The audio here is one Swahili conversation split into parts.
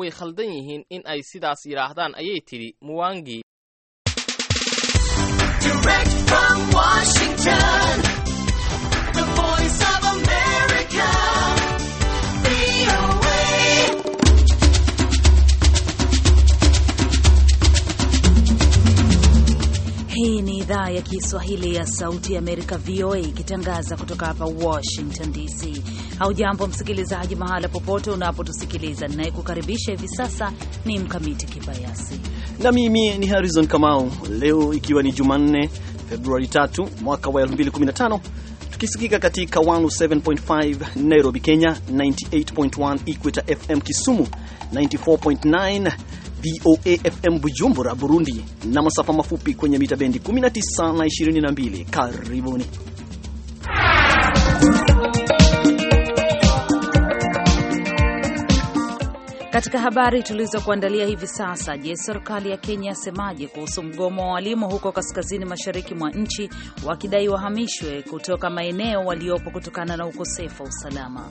way khaldan yihiin in ay sidaas yidhaahdaan ayay tidhi muwangi Hii ni idhaa ya Kiswahili ya Sauti ya Amerika, VOA, ikitangaza kutoka hapa Washington DC. Haujambo msikilizaji, mahala popote unapotusikiliza, ninayekukaribisha hivi sasa ni Mkamiti Kibayasi na mimi ni Harrison Kamau. Leo ikiwa ni Jumanne, Februari 3 mwaka wa 2015 tukisikika katika 107.5 Nairobi, Kenya, 98.1 Equator FM Kisumu, 94.9 VOA FM Bujumbura, Burundi, na masafa mafupi kwenye mita bendi 19 na 22. Karibuni. Katika habari tulizokuandalia hivi sasa, je, serikali ya Kenya asemaje kuhusu mgomo wa walimu huko kaskazini mashariki mwa nchi wakidai wahamishwe kutoka maeneo waliopo kutokana na ukosefu wa usalama?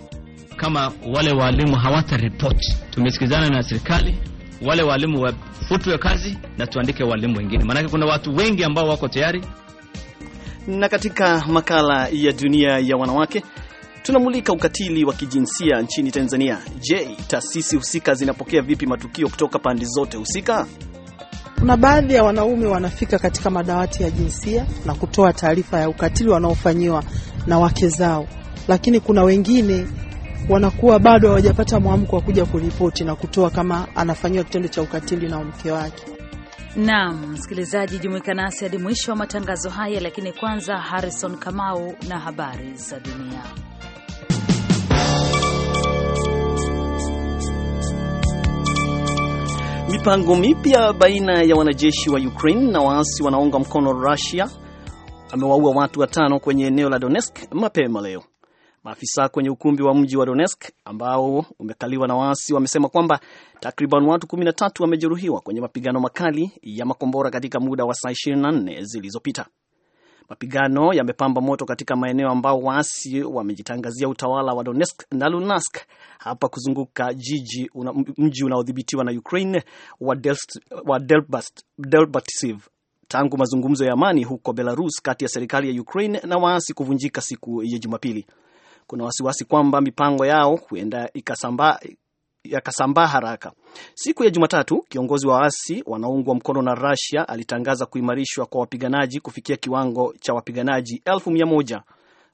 Kama wale waalimu ripoti, tumesikizana na serikali, wale waalimu wafutwe kazi na tuandike waalimu wengine, maanake kuna watu wengi ambao wako tayari. Na katika makala ya dunia ya wanawake Tunamulika ukatili wa kijinsia nchini Tanzania. Je, taasisi husika zinapokea vipi matukio kutoka pande zote husika? Kuna baadhi ya wanaume wanafika katika madawati ya jinsia na kutoa taarifa ya ukatili wanaofanyiwa na wake zao, lakini kuna wengine wanakuwa bado hawajapata mwamko wa kuja kuripoti na kutoa kama anafanyiwa kitendo cha ukatili na mke wake. Naam, msikilizaji, jumuika nasi hadi mwisho wa matangazo haya, lakini kwanza Harrison Kamau na habari za dunia. Mipango mipya baina ya wanajeshi wa Ukraine na waasi wanaunga mkono Russia amewaua watu watano kwenye eneo la Donetsk mapema leo. Maafisa kwenye ukumbi wa mji wa Donetsk ambao umekaliwa na waasi wamesema kwamba takriban watu 13 wamejeruhiwa kwenye mapigano makali ya makombora katika muda wa saa 24 zilizopita. Mapigano yamepamba moto katika maeneo ambao waasi wamejitangazia utawala wa Donetsk na Luhansk hapa kuzunguka jiji una, mji unaodhibitiwa na Ukraine wa, Delst, wa Delbast, Delbatsiv tangu mazungumzo ya amani huko Belarus kati ya serikali ya Ukraine na waasi kuvunjika siku ya Jumapili. Kuna wasiwasi kwamba mipango yao huenda ikasambaa yakasambaa haraka. Siku ya Jumatatu, kiongozi wa waasi wanaoungwa mkono na Russia alitangaza kuimarishwa kwa wapiganaji kufikia kiwango cha wapiganaji elfu mia moja.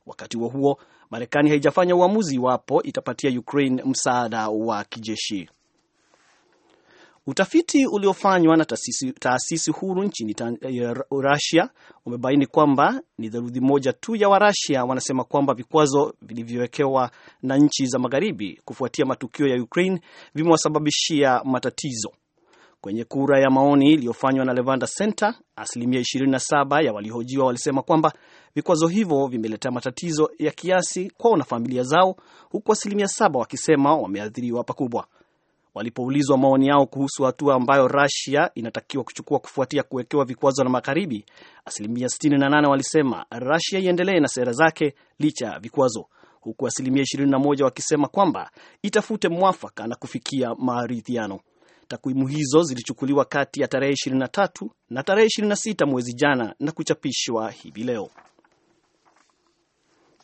Wakati huo huo, Marekani haijafanya uamuzi iwapo itapatia Ukraine msaada wa kijeshi. Utafiti uliofanywa na taasisi, taasisi huru nchini eh, rusia umebaini kwamba ni theluthi moja tu ya Warusia wanasema kwamba vikwazo vilivyowekewa na nchi za magharibi kufuatia matukio ya Ukraine vimewasababishia matatizo. Kwenye kura ya maoni iliyofanywa na levanda Center, asilimia 27 ya waliohojiwa walisema kwamba vikwazo hivyo vimeletea matatizo ya kiasi kwao na familia zao, huku asilimia saba wakisema wameathiriwa pakubwa walipoulizwa maoni yao kuhusu hatua ambayo Russia inatakiwa kuchukua kufuatia kuwekewa vikwazo na Magharibi, asilimia 68 walisema Russia iendelee na sera zake licha ya vikwazo, huku asilimia 21 wakisema kwamba itafute mwafaka na kufikia maaridhiano. Takwimu hizo zilichukuliwa kati ya tarehe 23 na tarehe 26 mwezi jana na kuchapishwa hivi leo.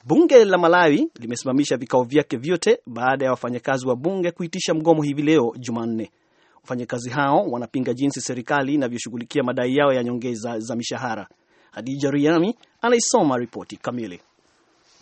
Bunge la Malawi limesimamisha vikao vyake vyote baada ya wafanyakazi wa bunge kuitisha mgomo hivi leo Jumanne. Wafanyakazi hao wanapinga jinsi serikali inavyoshughulikia madai yao ya nyongeza za mishahara. Hadija Riami anaisoma ripoti kamili.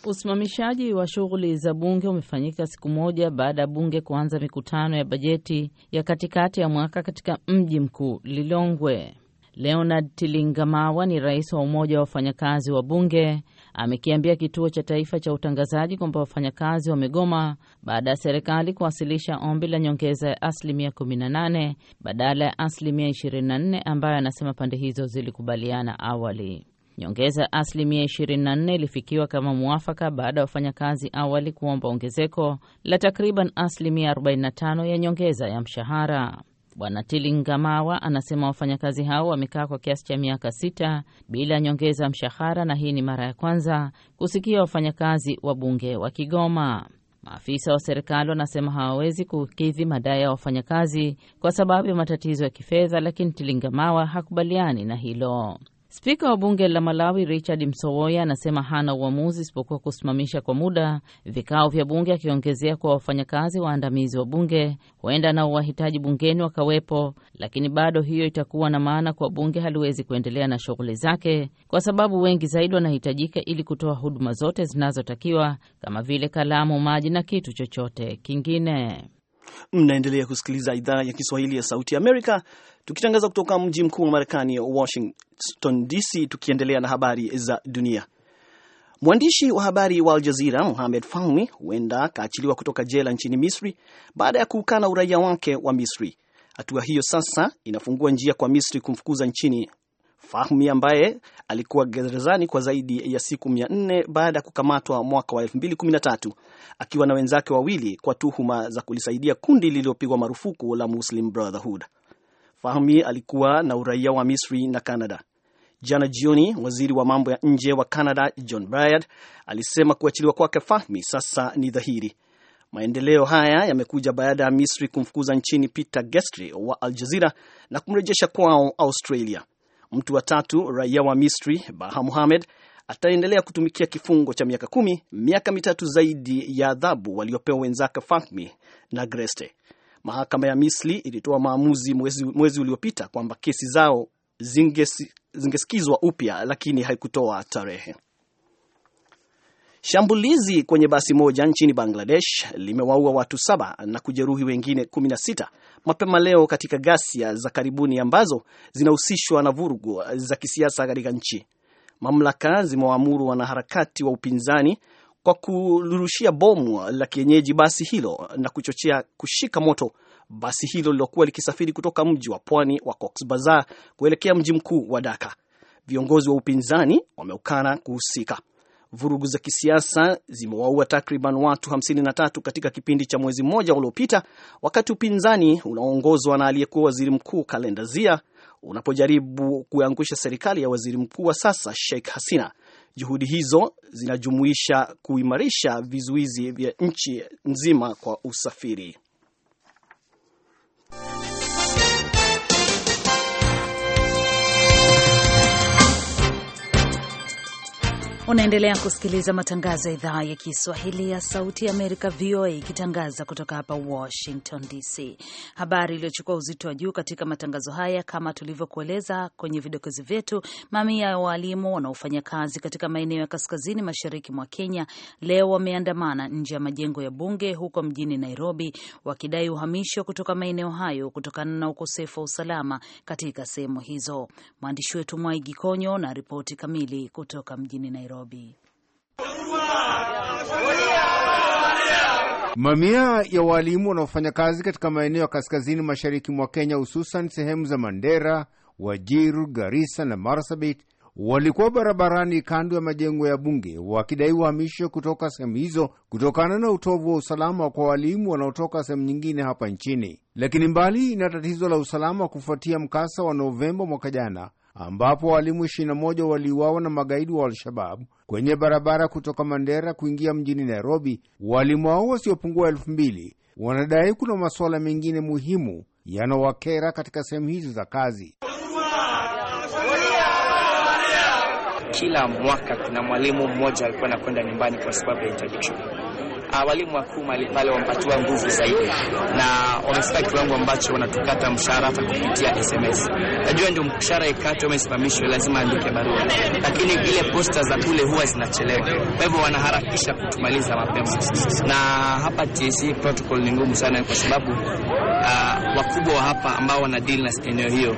Usimamishaji wa shughuli za bunge umefanyika siku moja baada ya bunge kuanza mikutano ya bajeti ya katikati ya mwaka katika mji mkuu Lilongwe. Leonard Tilingamawa ni rais wa umoja wa wafanyakazi wa bunge amekiambia kituo cha taifa cha utangazaji kwamba wafanyakazi wamegoma baada ya serikali kuwasilisha ombi la nyongeza ya asilimia 18 badala ya asilimia 24 ambayo anasema pande hizo zilikubaliana awali. Nyongeza ya asilimia 24 ilifikiwa kama mwafaka baada ya wafanyakazi awali kuomba ongezeko la takriban asilimia 45 ya nyongeza ya mshahara. Bwana Tilingamawa anasema wafanyakazi hao wamekaa kwa kiasi cha miaka sita bila nyongeza mshahara, na hii ni mara ya kwanza kusikia wafanyakazi wa bunge wa kigoma Maafisa wa serikali wanasema hawawezi kukidhi madai ya wafanyakazi kwa sababu ya matatizo ya kifedha, lakini Tilingamawa hakubaliani na hilo. Spika wa bunge la Malawi Richard Msowoya anasema hana uamuzi isipokuwa kusimamisha kwa muda vikao vya bunge, akiongezea kuwa wafanyakazi waandamizi wa bunge huenda na uwahitaji bungeni wakawepo, lakini bado hiyo itakuwa na maana kuwa bunge haliwezi kuendelea na shughuli zake kwa sababu wengi zaidi wanahitajika ili kutoa huduma zote zinazotakiwa kama vile kalamu, maji na kitu chochote kingine. Mnaendelea kusikiliza idhaa ya Kiswahili ya Sauti ya Amerika tukitangaza kutoka mji mkuu wa Marekani, Washington DC, tukiendelea na habari za dunia. Mwandishi wa habari wa Al Jazira Mohamed Fahmi huenda akaachiliwa kutoka jela nchini Misri baada ya kuukana uraia wake wa Misri. Hatua hiyo sasa inafungua njia kwa Misri kumfukuza nchini Fahmi ambaye alikuwa gerezani kwa zaidi ya siku mia nne baada ya kukamatwa mwaka wa tatu akiwa na wenzake wawili kwa tuhuma za kulisaidia kundi lililopigwa marufuku la Muslim Brotherhood. Fahmi alikuwa na uraia wa Misri na Canada. Jana jioni, waziri wa mambo ya nje wa Canada John Bryard alisema kuachiliwa kwake Fahmi sasa ni dhahiri. Maendeleo haya yamekuja baada ya Misri kumfukuza nchini Peter Gestry wa Al Jazeera na kumrejesha kwao Australia. Mtu wa tatu raia wa Misri Baha Muhamed ataendelea kutumikia kifungo cha miaka kumi, miaka mitatu zaidi ya adhabu waliopewa wenzake Fahmi na Greste. Mahakama ya Misri ilitoa maamuzi mwezi, mwezi uliopita kwamba kesi zao zinges, zingesikizwa upya lakini haikutoa tarehe. Shambulizi kwenye basi moja nchini Bangladesh limewaua watu saba na kujeruhi wengine 16 mapema leo katika ghasia za karibuni ambazo zinahusishwa na vurugu za kisiasa katika nchi. Mamlaka zimewaamuru wanaharakati wa upinzani kwa kurushia bomu la kienyeji basi hilo na kuchochea kushika moto basi hilo lilokuwa likisafiri kutoka mji wa pwani wa Cox Bazar kuelekea mji mkuu wa daka Viongozi wa upinzani wameukana kuhusika. Vurugu za kisiasa zimewaua takriban watu 53 katika kipindi cha mwezi mmoja uliopita, wakati upinzani unaoongozwa na aliyekuwa waziri mkuu Kalenda Zia unapojaribu kuangusha serikali ya waziri mkuu wa sasa Sheikh Hasina Juhudi hizo zinajumuisha kuimarisha vizuizi vya nchi nzima kwa usafiri. Unaendelea kusikiliza matangazo ya idhaa ya Kiswahili ya Sauti ya Amerika, VOA, ikitangaza kutoka hapa Washington DC. Habari iliyochukua uzito wa juu katika matangazo haya, kama tulivyokueleza kwenye vidokezi vyetu, mamia ya waalimu wanaofanya kazi katika maeneo ya kaskazini mashariki mwa Kenya leo wameandamana nje ya majengo ya bunge huko mjini Nairobi, wakidai uhamisho kutoka maeneo hayo kutokana na ukosefu wa usalama katika sehemu hizo. Mwandishi wetu Mwai Gikonyo na ripoti kamili kutoka mjini Nairobi. Nairobi. Mamia ya waalimu wanaofanya kazi katika maeneo ya kaskazini mashariki mwa Kenya, hususan sehemu za Mandera, Wajiru, Garissa na Marsabit walikuwa barabarani kando ya majengo ya bunge wakidai uhamisho kutoka sehemu hizo kutokana na utovu wa usalama kwa walimu wanaotoka sehemu nyingine hapa nchini. Lakini mbali na tatizo la usalama kufuatia mkasa wa Novemba mwaka jana, ambapo walimu 21 waliuawa na magaidi wa Al-Shababu kwenye barabara kutoka Mandera kuingia mjini Nairobi. Walimu hao wasiopungua elfu mbili wanadai kuna masuala mengine muhimu yanawakera katika sehemu hizo za kazi. Kila mwaka kuna mwalimu mmoja alikuwa anakwenda nyumbani kwa sababu ya interdiction uh, walimu wakuu mali pale wamepatiwa nguvu zaidi, na wamefika kiwango ambacho wanatukata mshahara hata kupitia SMS. Najua ndio mshahara ikate, umesimamishwa, lazima andike barua, lakini ile posta za kule huwa zinachelewa, kwa hivyo wanaharakisha kutumaliza mapema. Na hapa TSC e protocol ni ngumu sana, kwa sababu uh, wakubwa wa hapa ambao wanadili na eneo hiyo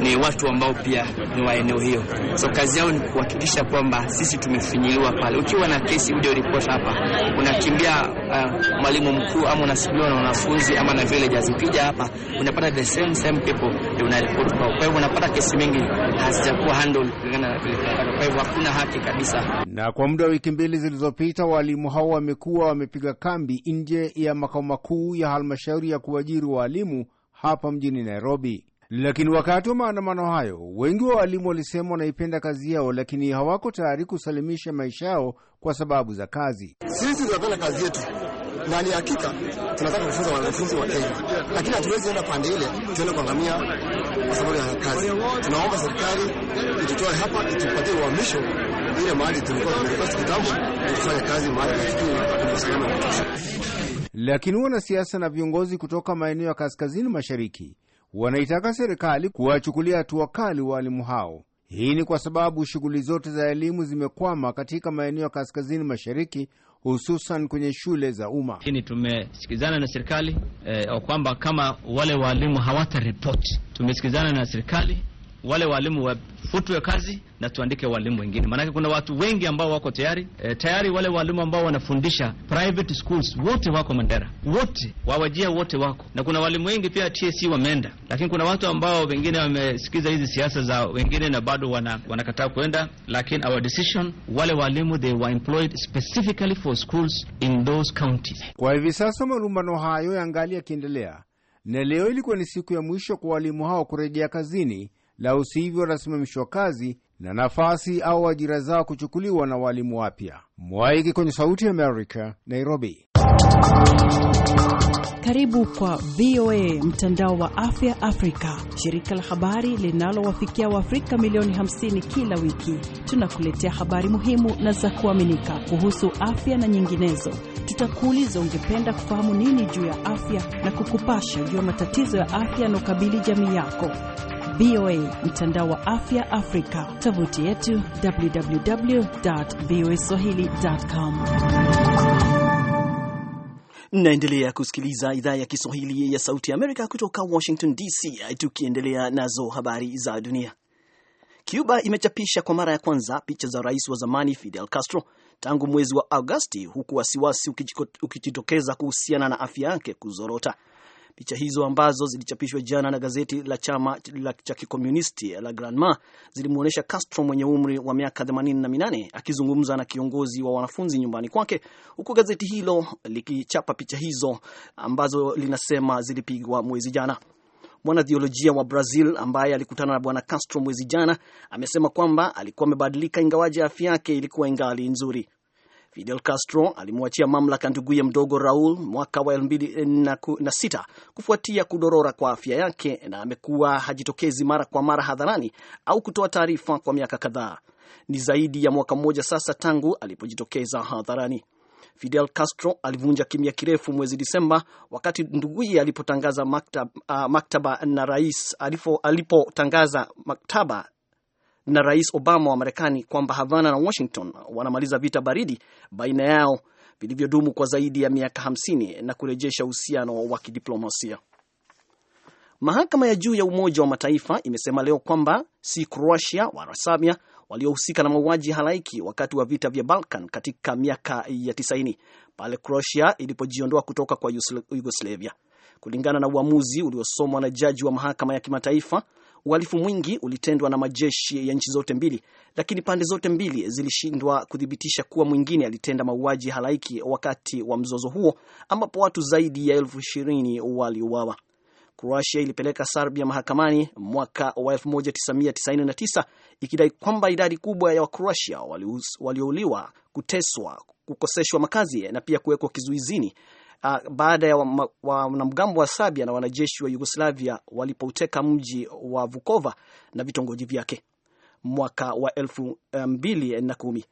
ni watu ambao pia ni wa eneo hiyo, so kazi yao ni kuhakikisha kwamba sisi tumefinyiliwa pale. Ukiwa na kesi uje report hapa, unakimbia uh, mwalimu mkuu ama unasibiwa na wanafunzi ama na village azipija hapa unapata the same same people ndio una report kwa. Kwa hivyo unapata kesi mingi hazijakuwa handle kulingana na vile, kwa hivyo hakuna haki kabisa. Na kwa muda wa wiki mbili zilizopita, walimu hao wamekuwa wamepiga kambi nje ya makao makuu ya halmashauri ya kuajiri walimu hapa mjini Nairobi. Lakini wakati wa maandamano hayo, wengi wa walimu walisema wanaipenda kazi yao, lakini hawako tayari kusalimisha maisha yao kwa sababu za kazi. Sisi tunapenda kazi yetu na ni hakika tunataka kufunza wanafunzi wa Kenya, lakini hatuwezi enda pande ile tuende kuangamia kwa sababu ya kazi. Tunaomba serikali itutoe hapa, itupatie uhamisho ile mahali tulikuwa tumerefasi kitambo, tufanye kazi mahali usalama kutosha. Lakini wanasiasa na viongozi kutoka maeneo ya kaskazini mashariki wanaitaka serikali kuwachukulia hatua kali waalimu hao. Hii ni kwa sababu shughuli zote za elimu zimekwama katika maeneo ya kaskazini mashariki, hususan kwenye shule za umma. Lakini tumesikizana na serikali eh, kwamba kama wale waalimu hawataripoti, tumesikizana na serikali wale walimu wafutwe kazi na tuandike walimu wengine, maanake kuna watu wengi ambao wako tayari e, tayari wale walimu ambao wanafundisha private schools wote wako Mandera, wote wawajia, wote wako na kuna walimu wengi pia TSC wameenda, lakini kuna watu ambao wengine wamesikiza hizi siasa za wengine na bado wana, wanakataa kuenda, lakini our decision, wale walimu they were employed specifically for schools in those counties. Kwa hivi sasa malumbano hayo yangali yakiendelea, na leo ilikuwa ni siku ya mwisho kwa walimu hao kurejea kazini la sivyo watasimamishwa kazi na nafasi au ajira zao kuchukuliwa na walimu wapya. Mwaiki kwenye Sauti ya Amerika, Nairobi. Karibu kwa VOA mtandao wa afya Afrika, shirika la habari linalowafikia Waafrika milioni 50 kila wiki. Tunakuletea habari muhimu na za kuaminika kuhusu afya na nyinginezo. Tutakuuliza ungependa kufahamu nini juu ya afya na kukupasha juu ya matatizo ya afya yanaokabili jamii yako. VOA, mtandao wa afya Afrika, tovuti yetu www.voaswahili.com. Naendelea kusikiliza idhaa ya Kiswahili ya Sauti ya Amerika kutoka Washington DC, tukiendelea nazo habari za dunia. Cuba imechapisha kwa mara ya kwanza picha za rais wa zamani Fidel Castro tangu mwezi wa Agosti, huku wasiwasi ukijitokeza kuhusiana na afya yake kuzorota. Picha hizo ambazo zilichapishwa jana na gazeti la chama cha kikomunisti la Granma zilimwonyesha Castro mwenye umri wa miaka 88 akizungumza na kiongozi wa wanafunzi nyumbani kwake, huku gazeti hilo likichapa picha hizo ambazo linasema zilipigwa mwezi jana. Mwanathiolojia wa Brazil ambaye alikutana na bwana Castro mwezi jana amesema kwamba alikuwa amebadilika, ingawaje afya yake ilikuwa ingali nzuri. Fidel Castro alimwachia mamlaka nduguye mdogo Raul mwaka wa sita kufuatia kudorora kwa afya yake, na amekuwa hajitokezi mara kwa mara hadharani au kutoa taarifa kwa miaka kadhaa. Ni zaidi ya mwaka mmoja sasa tangu alipojitokeza hadharani. Fidel Castro alivunja kimya kirefu mwezi Disemba wakati nduguye alipotangaza maktaba, uh, maktaba na rais alipotangaza maktaba na Rais Obama wa Marekani kwamba Havana na Washington wanamaliza vita baridi baina yao vilivyodumu kwa zaidi ya miaka 50 na kurejesha uhusiano wa kidiplomasia. Mahakama ya juu ya Umoja wa Mataifa imesema leo kwamba si Kroatia warasamia waliohusika na mauaji halaiki wakati wa vita vya Balkan katika miaka ya 90 pale croatia ilipojiondoa kutoka kwa Yugoslavia. Kulingana na uamuzi uliosomwa na jaji wa mahakama ya kimataifa, Uhalifu mwingi ulitendwa na majeshi ya nchi zote mbili, lakini pande zote mbili zilishindwa kuthibitisha kuwa mwingine alitenda mauaji halaiki wakati wa mzozo huo, ambapo watu zaidi ya elfu ishirini waliuawa. Kroatia ilipeleka Serbia mahakamani mwaka wa 1999 ikidai kwamba idadi kubwa ya Wakroatia waliouliwa, kuteswa, kukoseshwa makazi na pia kuwekwa kizuizini uh, baada ya wanamgambo wa, wa Sabia na wanajeshi wa Yugoslavia walipouteka mji wa Vukova na vitongoji vyake mwaka wa elfu eh, mbili na kumi.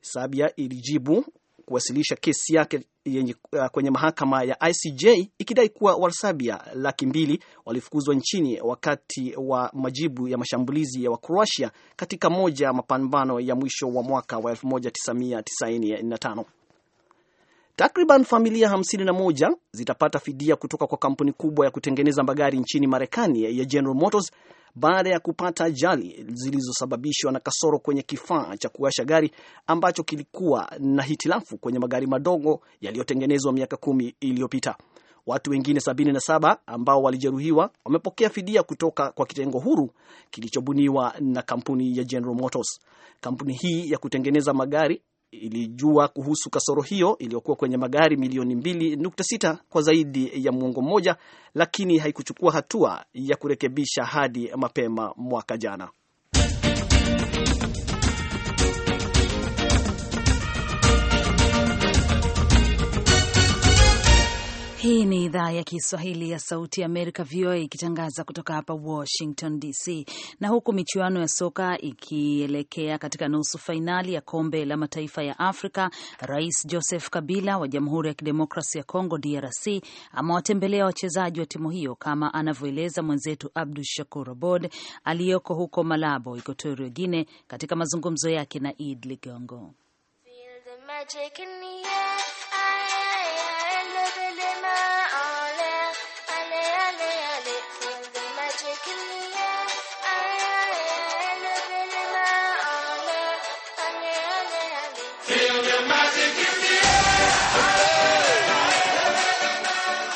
Sabia ilijibu kuwasilisha kesi yake yenye, uh, kwenye mahakama ya ICJ ikidai kuwa Wasabia laki mbili walifukuzwa nchini wakati wa majibu ya mashambulizi ya Wakroatia katika moja ya mapambano ya mwisho wa mwaka wa 1995. Takriban familia 51 zitapata fidia kutoka kwa kampuni kubwa ya kutengeneza magari nchini Marekani ya General Motors baada ya kupata ajali zilizosababishwa na kasoro kwenye kifaa cha kuwasha gari ambacho kilikuwa na hitilafu kwenye magari madogo yaliyotengenezwa miaka kumi iliyopita. Watu wengine 77 ambao walijeruhiwa wamepokea fidia kutoka kwa kitengo huru kilichobuniwa na kampuni ya General Motors. Kampuni hii ya kutengeneza magari ilijua kuhusu kasoro hiyo iliyokuwa kwenye magari milioni 2.6 kwa zaidi ya mwongo mmoja, lakini haikuchukua hatua ya kurekebisha hadi mapema mwaka jana. Hii ni idhaa ya Kiswahili ya Sauti ya Amerika, VOA, ikitangaza kutoka hapa Washington DC. Na huku michuano ya soka ikielekea katika nusu fainali ya kombe la mataifa ya Afrika, Rais Joseph Kabila wa Jamhuri ya Kidemokrasi ya Kongo, DRC, amewatembelea wachezaji wa timu hiyo, kama anavyoeleza mwenzetu Abdu Shakur Abod aliyoko huko Malabo, Ikotorio Guine, katika mazungumzo yake na Id Ligongo. Hooray!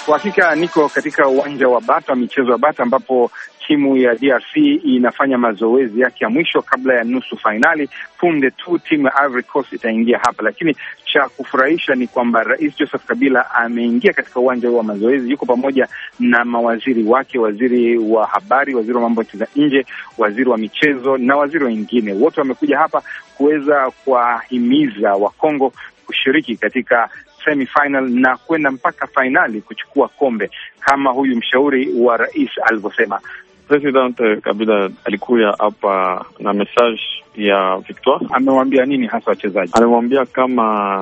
Kwa hakika niko katika uwanja wa Bata, michezo ya Bata, ambapo timu ya DRC inafanya mazoezi yake ya mwisho kabla ya nusu fainali. Punde tu timu ya Ivory Coast itaingia hapa, lakini cha kufurahisha ni kwamba Rais Joseph Kabila ameingia katika uwanja wa mazoezi, yuko pamoja na mawaziri wake, waziri wa habari, waziri wa mambo ya za nje, waziri wa michezo na waziri wengine. Wote wamekuja hapa kuweza kuwahimiza Wakongo kushiriki katika semifinal na kwenda mpaka fainali kuchukua kombe kama huyu mshauri wa rais alivyosema. President eh, Kabila alikuya hapa na message ya Victoire. Amewambia nini hasa wachezaji? Amewambia kama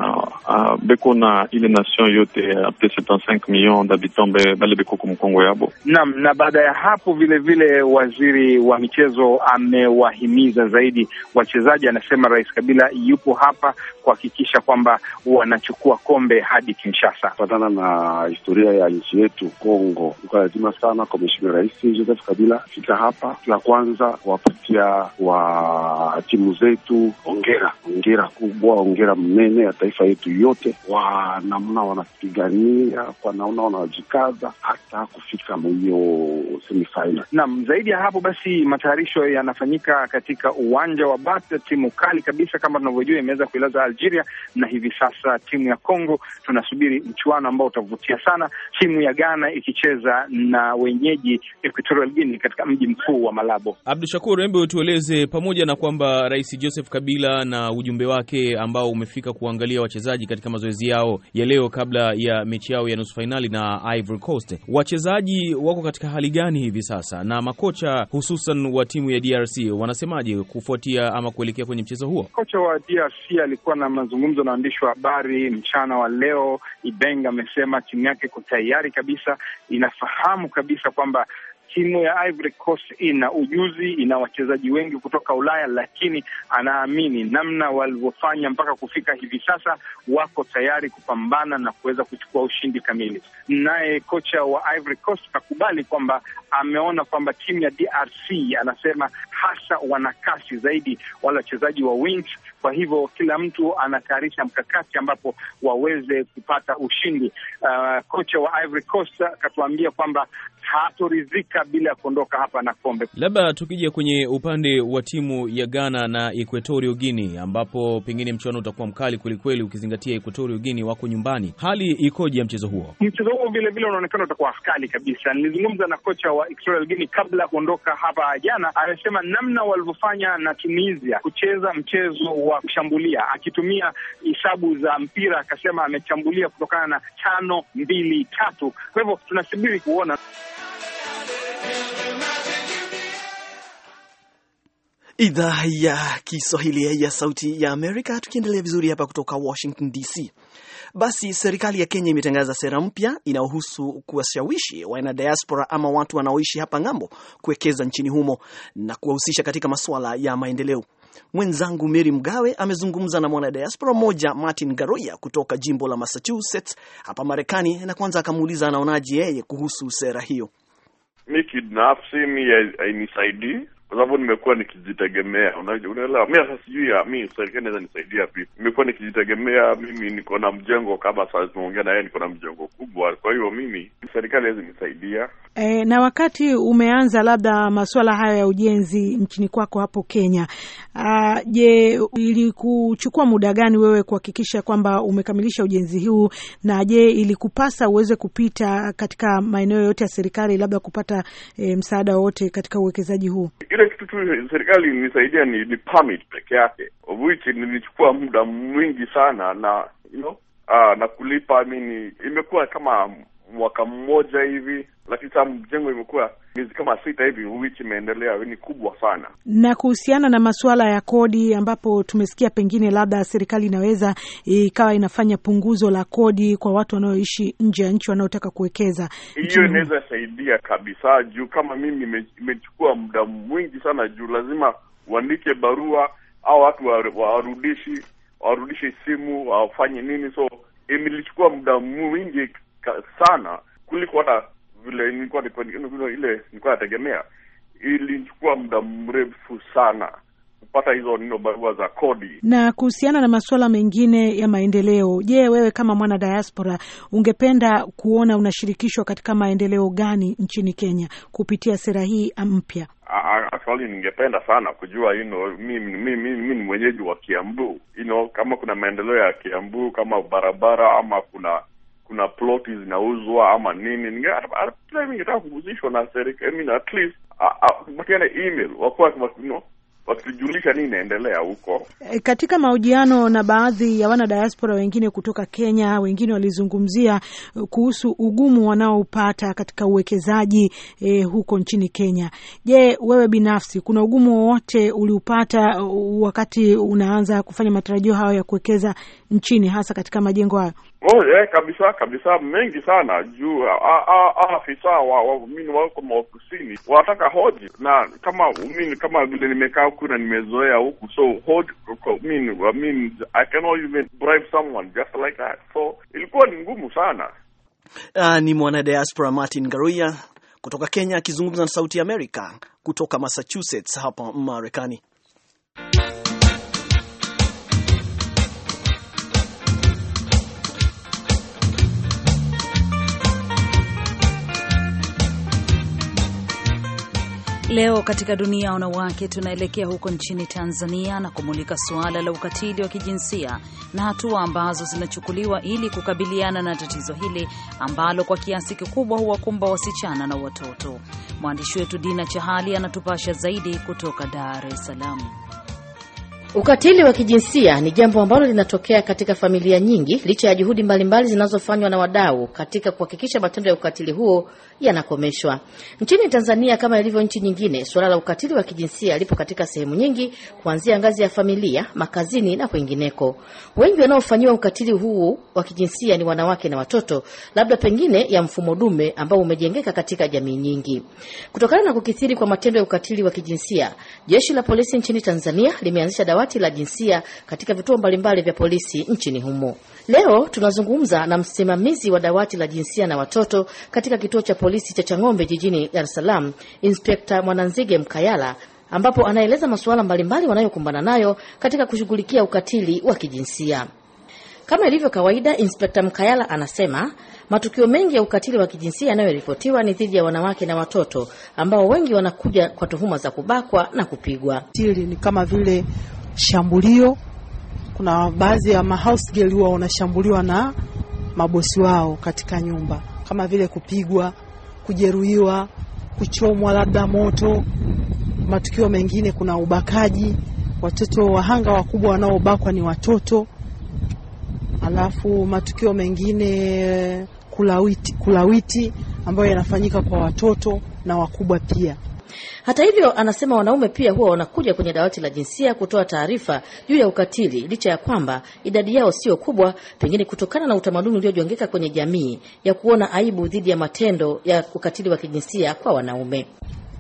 uh, beko na ile nation yote apres 75 millions d'habitants bale beko kumkongo yabo. Naam, na baada ya hapo vile vile waziri wa michezo amewahimiza zaidi wachezaji, anasema Rais Kabila yupo hapa kuhakikisha kwamba wanachukua kombe hadi Kinshasa. Patana na historia ya nchi yetu Kongo, lazima sana kwa Mheshimiwa Rais Joseph Kabila fika hapa, la kwanza kuwapatia wa timu zetu, ongera, ongera kubwa, ongera mnene ya taifa yetu yote, wa namna wanapigania kwa namna wanajikaza hata kufika mwenyewe semifinal. Naam, zaidi ya hapo basi, matayarisho yanafanyika katika uwanja wa Bat, Timu kali kabisa kama tunavyojua imeweza kuilaza Algeria, na hivi sasa timu ya congo tunasubiri mchuano ambao utavutia sana, timu ya Ghana ikicheza na wenyeji Equatorial Guinea katika mji mkuu wa Malabo. Abdushakur, hebu tueleze pamoja na kwamba Rais Joseph Kabila na ujumbe wake ambao umefika kuangalia wachezaji katika mazoezi yao ya leo kabla ya mechi yao ya nusu fainali na Ivory Coast. Wachezaji wako katika hali gani hivi sasa na makocha hususan wa timu ya DRC wanasemaje kufuatia ama kuelekea kwenye mchezo huo? Kocha wa DRC alikuwa na mazungumzo na waandishi wa habari mchana wa leo. Ibeng amesema timu yake iko tayari kabisa, inafahamu kabisa kwamba timu ya Ivory Coast ina ujuzi, ina wachezaji wengi kutoka Ulaya, lakini anaamini namna walivyofanya mpaka kufika hivi sasa, wako tayari kupambana na kuweza kuchukua ushindi kamili. Naye kocha wa Ivory Coast akubali kwamba ameona kwamba timu ya DRC anasema hasa wana kasi zaidi wale wachezaji wa wings. Kwa hivyo kila mtu anatayarisha mkakati ambapo waweze kupata ushindi. Uh, kocha wa Ivory Coast akatuambia kwamba hatorizika kuondoka bila ya kuondoka hapa na kombe. Labda tukija kwenye upande wa timu ya Ghana na Equatorial Guinea, ambapo pengine mchuano utakuwa mkali kwelikweli, ukizingatia Equatorial Guinea wako nyumbani. Hali ikoje ya mchezo huo? Mchezo huo vilevile unaonekana utakuwa kali kabisa. Nilizungumza na kocha wa Equatorial Guinea kabla ya kuondoka hapa jana, amesema namna walivyofanya na Tunisia kucheza mchezo wa kushambulia akitumia hisabu za mpira, akasema amechambulia kutokana na tano mbili tatu. Kwa hivyo tunasubiri kuona. Idhaa ya Kiswahili ya Sauti ya Amerika, tukiendelea vizuri hapa kutoka Washington DC. Basi serikali ya Kenya imetangaza sera mpya inayohusu kuwashawishi wana diaspora ama watu wanaoishi hapa ng'ambo kuwekeza nchini humo na kuwahusisha katika masuala ya maendeleo. Mwenzangu Mary Mgawe amezungumza na mwana diaspora mmoja Martin Garoya kutoka jimbo la Massachusetts hapa Marekani, na kwanza akamuuliza anaonaje yeye kuhusu sera hiyo. Mi kibinafsi mi hainisaidii kwa sababu nimekuwa nikijitegemea, unaelewa. Mi hasa sijui ah, mi serikali naweza nisaidia vipi? Nimekuwa nikijitegemea mimi, niko na mjengo kama saa tumeongea na yeye, niko na mjengo kubwa, kwa hiyo mimi serikali hawezi nisaidia, E, na wakati umeanza labda masuala haya ya ujenzi nchini kwako hapo Kenya, ah, je, ilikuchukua muda gani wewe kuhakikisha kwamba umekamilisha ujenzi huu, na je, ilikupasa uweze kupita katika maeneo yote ya serikali labda kupata e, msaada wote katika uwekezaji huu? Ile kitu tu serikali ilinisaidia ni, ni permit peke yake which nilichukua muda mwingi sana na you know, Aa, ah, na kulipa mini imekuwa kama mwaka mmoja hivi, lakini sasa mjengo imekuwa miezi kama sita hivi, wiki imeendelea, ni kubwa sana. Na kuhusiana na masuala ya kodi, ambapo tumesikia pengine labda serikali inaweza ikawa inafanya punguzo la kodi kwa watu wanaoishi nje ya nchi wanaotaka kuwekeza, hiyo inaweza saidia kabisa, juu kama mimi imechukua muda mwingi sana, juu lazima uandike barua au watu warudishi warudishi simu wafanye nini, so imelichukua muda mwingi sana kuliko hata vile nilikuwa ile nilikuwa nategemea. Ilichukua muda mrefu sana kupata hizo nino barua za kodi. Na kuhusiana na masuala mengine ya maendeleo, je, wewe kama mwana diaspora ungependa kuona unashirikishwa katika maendeleo gani nchini Kenya kupitia sera hii mpya? Swali, ningependa sana kujua ino mimi mi, mi, mi ni mwenyeji wa Kiambu ino, kama kuna maendeleo ya Kiambu kama barabara ama kuna kuna ploti zinauzwa ama nini, ingetaka kuhusishwa na serikali. I mean, at least patiane email wakuwa no, nini inaendelea huko. Eh, katika mahojiano na baadhi ya wana diaspora wengine kutoka Kenya, wengine walizungumzia kuhusu ugumu wanaoupata katika uwekezaji e, huko nchini Kenya. Je, wewe binafsi kuna ugumu wowote uliupata uh, wakati unaanza kufanya matarajio hayo ya kuwekeza nchini hasa katika majengo hayo? Oh, yeah, kabisa kabisa, mengi sana juu afisa wa waumini wako maofisini wanataka hoji, na kama umini, kama vile nimekaa huku na nimezoea huku, so hoji mean, I mean, I cannot even bribe someone just like that, so ilikuwa ni ngumu sana. Uh, ni mwana diaspora Martin Garuya kutoka Kenya akizungumza na Sauti ya Amerika kutoka Massachusetts hapa Marekani. Leo katika dunia ya wanawake tunaelekea huko nchini Tanzania na kumulika suala la ukatili wa kijinsia na hatua ambazo zinachukuliwa ili kukabiliana na tatizo hili ambalo kwa kiasi kikubwa huwakumba wasichana na watoto. Mwandishi wetu Dina Chahali anatupasha zaidi kutoka Dar es Salaam. Ukatili wa kijinsia ni jambo ambalo linatokea katika familia nyingi licha ya juhudi mbalimbali zinazofanywa na wadau katika kuhakikisha matendo ya ukatili huo yanakomeshwa. Nchini Tanzania, kama ilivyo nchi nyingine, suala la ukatili wa kijinsia lipo katika sehemu nyingi, kuanzia ngazi ya familia, makazini na kwingineko. Wengi wanaofanyiwa ukatili huu wa kijinsia ni wanawake na watoto, labda pengine ya mfumo dume ambao umejengeka katika jamii nyingi. Kutokana na kukithiri kwa matendo ya ukatili wa kijinsia, jeshi la polisi nchini Tanzania limeanzisha dawati la jinsia katika vituo mbalimbali vya polisi nchini humo. Leo tunazungumza na msimamizi wa dawati la jinsia na watoto katika kituo cha polisi polisi cha Chang'ombe jijini Dar es Salaam, Inspekta Mwananzige Mkayala ambapo anaeleza masuala mbalimbali wanayokumbana nayo katika kushughulikia ukatili wa kijinsia. Kama ilivyo kawaida, Inspekta Mkayala anasema matukio mengi ya ukatili wa kijinsia yanayoripotiwa ni dhidi ya wanawake na watoto ambao wengi wanakuja kwa tuhuma za kubakwa na kupigwa. Tili ni kama vile shambulio. Kuna baadhi ya mahouse girl huwa wanashambuliwa na mabosi wao katika nyumba, kama vile kupigwa, kujeruhiwa, kuchomwa labda moto, matukio mengine kuna ubakaji, watoto wahanga wakubwa wanaobakwa ni watoto. Alafu matukio mengine kulawiti, kulawiti ambayo yanafanyika kwa watoto na wakubwa pia. Hata hivyo, anasema wanaume pia huwa wanakuja kwenye dawati la jinsia kutoa taarifa juu ya ukatili, licha ya kwamba idadi yao sio kubwa, pengine kutokana na utamaduni uliojongeka kwenye jamii ya kuona aibu dhidi ya matendo ya ukatili wa kijinsia kwa wanaume.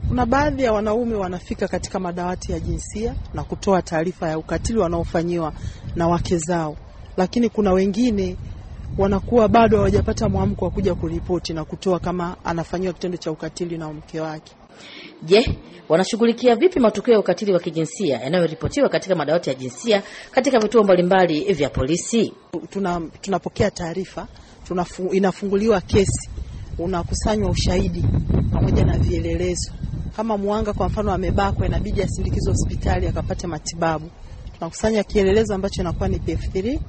Kuna baadhi ya wanaume wanafika katika madawati ya jinsia na kutoa taarifa ya ukatili wanaofanyiwa na wake zao, lakini kuna wengine wanakuwa bado hawajapata mwamko wa kuja kuripoti na kutoa kama anafanyiwa kitendo cha ukatili na mke wake. Je, wanashughulikia vipi matukio ya ukatili wa kijinsia yanayoripotiwa katika madawati ya jinsia katika vituo mbalimbali vya polisi? Tuna, tunapokea taarifa tunafu, inafunguliwa kesi, unakusanywa ushahidi pamoja na vielelezo. Kama mwanga kwa mfano amebakwa, inabidi asindikizwe hospitali akapate matibabu. Tunakusanya kielelezo ambacho inakuwa ni PF3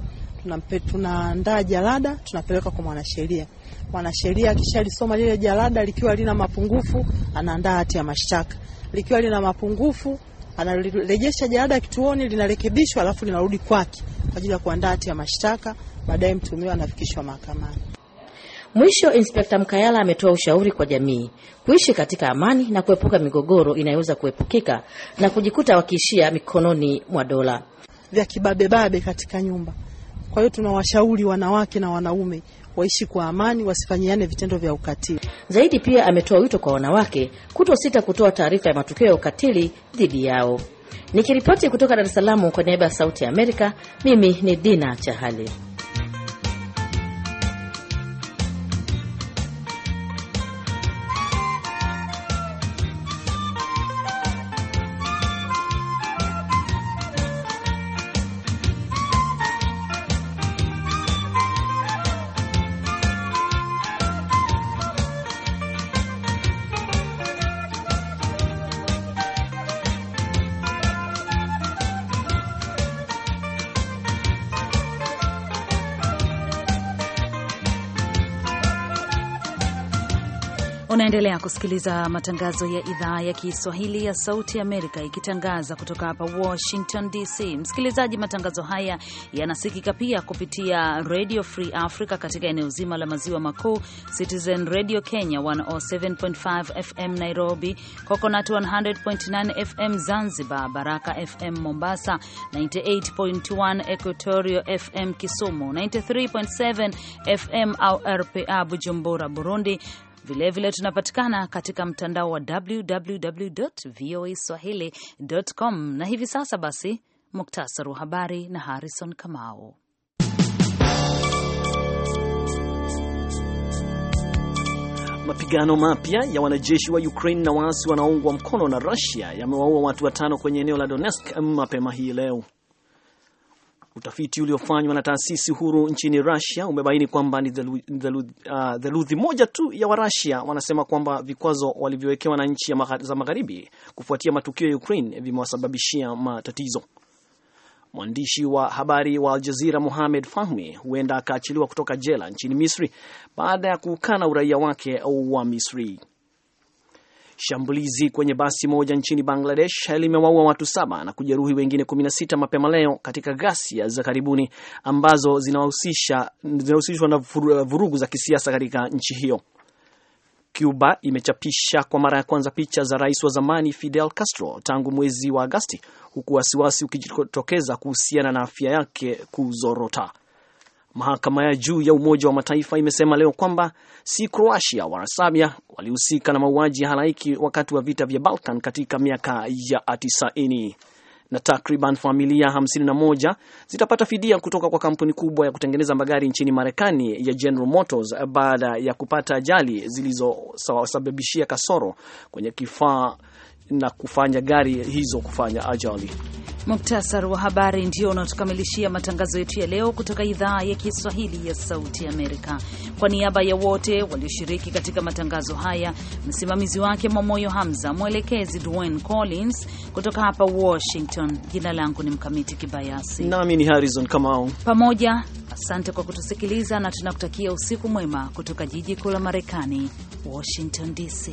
tunaandaa jalada tunapeleka kwa mwanasheria. Mwanasheria akishalisoma lile jalada likiwa lina mapungufu, anaandaa hati ya mashtaka. Likiwa lina mapungufu, anarejesha jalada kituoni, linarekebishwa, alafu linarudi kwake kwa ajili ya kuandaa hati ya mashtaka. Baadaye mtuhumiwa anafikishwa mahakamani. Mwisho, Inspekta Mkayala ametoa ushauri kwa jamii kuishi katika amani na kuepuka migogoro inayoweza kuepukika na kujikuta wakiishia mikononi mwa dola vya kibabebabe katika nyumba. Kwa hiyo tunawashauri wanawake na wanaume waishi kwa amani, wasifanyiane vitendo vya ukatili. Zaidi pia ametoa wito kwa wanawake kutosita kutoa taarifa ya matukio ya ukatili dhidi yao. Nikiripoti kutoka Dar es Salaam kwa niaba ya Sauti ya Amerika, mimi ni Dina Chahali. Unaendelea kusikiliza matangazo ya idhaa ya Kiswahili ya Sauti Amerika ikitangaza kutoka hapa Washington DC. Msikilizaji, matangazo haya yanasikika pia kupitia Radio Free Africa katika eneo zima la maziwa makuu, Citizen Radio Kenya 107.5 FM Nairobi, Coconut 100.9 FM Zanzibar, Baraka FM Mombasa, 98.1 Equatorio FM Kisumu, 93.7 FM au RPA Bujumbura, Burundi Vilevile tunapatikana katika mtandao wa www voa swahili.com. Na hivi sasa basi, muktasari wa habari na Harrison Kamau. Mapigano mapya ya wanajeshi wa Ukraine na waasi wanaoungwa mkono na Russia yamewaua watu watano kwenye eneo la Donetsk mapema hii leo. Utafiti uliofanywa na taasisi huru nchini Russia umebaini kwamba ni theluthi uh, moja tu ya Warusia wanasema kwamba vikwazo walivyowekewa na nchi za magharibi kufuatia matukio ya Ukraine vimewasababishia matatizo. Mwandishi wa habari wa Aljazira Mohamed Fahmi huenda akaachiliwa kutoka jela nchini Misri baada ya kuukana uraia wake wa Misri. Shambulizi kwenye basi moja nchini Bangladesh limewaua watu saba na kujeruhi wengine 16 mapema leo katika ghasia za karibuni ambazo zinahusishwa na vurugu za kisiasa katika nchi hiyo. Cuba imechapisha kwa mara ya kwanza picha za rais wa zamani Fidel Castro tangu mwezi wa Agasti, huku wasiwasi ukijitokeza kuhusiana na afya yake kuzorota. Mahakama ya juu ya Umoja wa Mataifa imesema leo kwamba si croatia wala Serbia walihusika na mauaji ya halaiki wakati wa vita vya Balkan katika miaka ya 90 na takriban familia 51 zitapata fidia kutoka kwa kampuni kubwa ya kutengeneza magari nchini Marekani ya General Motors baada ya kupata ajali zilizosababishia kasoro kwenye kifaa na kufanya gari hizo kufanya ajali. Muktasar wa habari ndio unatukamilishia matangazo yetu ya leo kutoka idhaa ya Kiswahili ya Sauti Amerika. Kwa niaba ya wote walioshiriki katika matangazo haya, msimamizi wake Mwamoyo Hamza, mwelekezi Dwayne Collins, kutoka hapa Washington, jina langu ni Mkamiti Kibayasi nami ni Harrison Kamau. Pamoja asante kwa kutusikiliza na tunakutakia usiku mwema kutoka jiji kuu la Marekani, Washington DC.